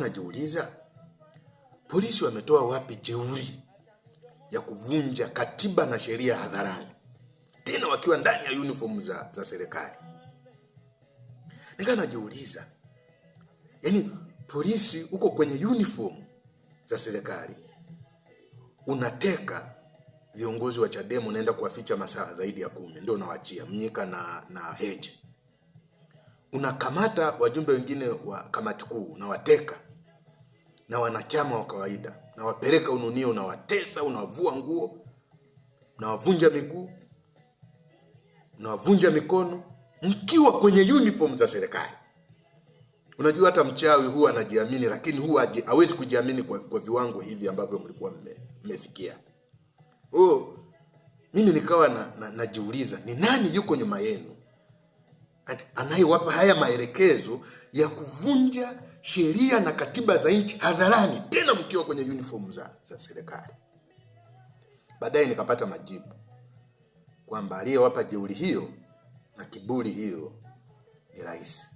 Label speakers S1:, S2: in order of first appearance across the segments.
S1: najiuliza polisi wametoa wapi jeuri ya kuvunja katiba na sheria hadharani, tena wakiwa ndani ya uniform za, za serikali. Nikaa najiuliza yani, polisi uko kwenye uniform za serikali, unateka viongozi wa Chadema, unaenda kuwaficha masaa zaidi ya kumi, ndio unawachia Mnyika na, na heje unakamata wajumbe wengine wa kamati kuu unawateka, na wanachama wa kawaida, nawapeleka ununio unawatesa, unawavua nguo, nawavunja miguu, nawavunja mikono, mkiwa kwenye uniform za serikali. Unajua, hata mchawi huwa anajiamini, lakini huwa hawezi kujiamini kwa, kwa viwango hivi ambavyo mlikuwa mmefikia. Oh, mimi nikawa na, na, najiuliza ni nani yuko nyuma yenu anayewapa haya maelekezo ya kuvunja sheria na katiba za nchi hadharani, tena mkiwa kwenye uniform za, za serikali. Baadaye nikapata majibu kwamba aliyewapa jeuri hiyo na kiburi hiyo ni rais,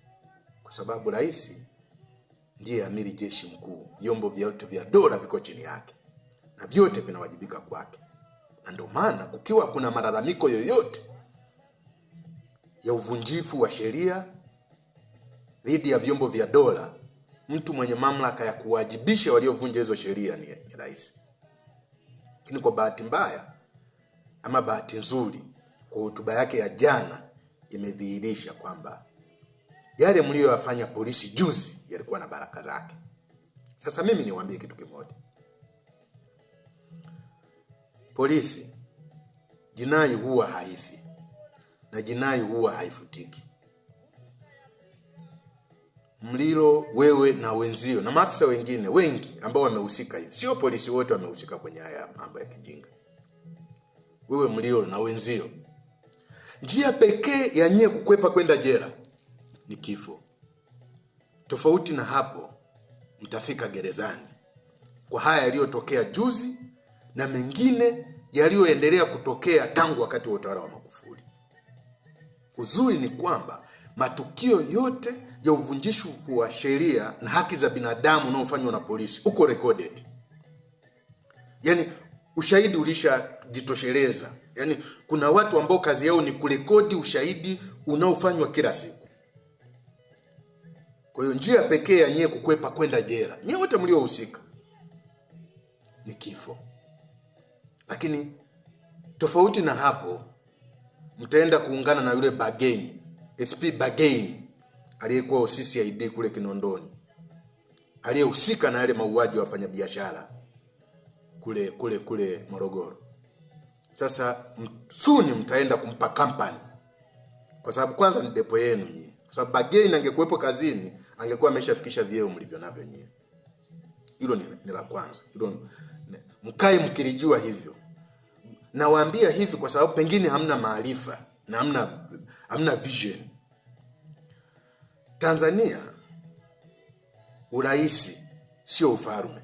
S1: kwa sababu rais ndiye amiri jeshi mkuu, vyombo vyote vya dola viko chini yake na vyote vinawajibika kwake, na ndio maana kukiwa kuna malalamiko yoyote ya uvunjifu wa sheria dhidi ya vyombo vya dola mtu mwenye mamlaka ya kuwajibisha waliovunja hizo sheria ni, ni rais. Lakini kwa bahati mbaya ama bahati nzuri, kwa hotuba yake ya jana imedhihirisha kwamba yale mliyoyafanya polisi juzi yalikuwa na baraka zake. Sasa mimi niwaambie kitu kimoja, polisi, jinai huwa haifi na jinai huwa haifutiki. Mlilo wewe na wenzio na maafisa wengine wengi ambao wamehusika hivi, sio polisi wote wamehusika kwenye haya mambo ya kijinga. Wewe Mlilo na wenzio, njia pekee ya nyie kukwepa kwenda jela ni kifo. Tofauti na hapo, mtafika gerezani kwa haya yaliyotokea juzi na mengine yaliyoendelea kutokea tangu wakati wa utawala wa Magufuli. Uzuri ni kwamba matukio yote ya uvunjifu wa sheria na haki za binadamu unaofanywa na polisi uko recorded. Yani ushahidi ulishajitosheleza. Yani kuna watu ambao kazi yao ni kurekodi ushahidi unaofanywa kila siku. Kwa hiyo njia pekee ya nyie kukwepa kwenda jela, nyie wote mliohusika, ni kifo. Lakini tofauti na hapo, mtaenda kuungana na yule bageni SP Bagain aliyekuwa CCID kule Kinondoni, aliyehusika na yale mauaji ya wafanyabiashara kule kule kule Morogoro. Sasa msuni mtaenda kumpa kampani kwa sababu kwanza ni depo yenu nyie, kwa sababu Bagain angekuwepo kazini angekuwa ameshafikisha vyeo mlivyo navyo nyie. Hilo ni, ni la kwanza, hilo mkae mkilijua hivyo. Nawaambia hivi kwa sababu pengine hamna maarifa na hamna hamna vision. Tanzania urahisi sio ufarume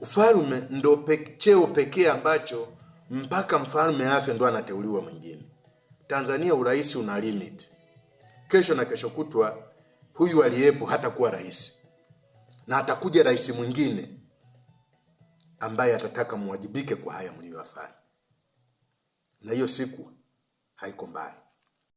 S1: ufarume ndo pek, cheo pekee ambacho mpaka mfalme afe ndo anateuliwa mwingine. Tanzania urahisi una limit. Kesho na kesho kutwa huyu aliyepo hatakuwa rais, na atakuja rais mwingine ambaye atataka muwajibike kwa haya mliyoyafanya, na hiyo siku Haikombar.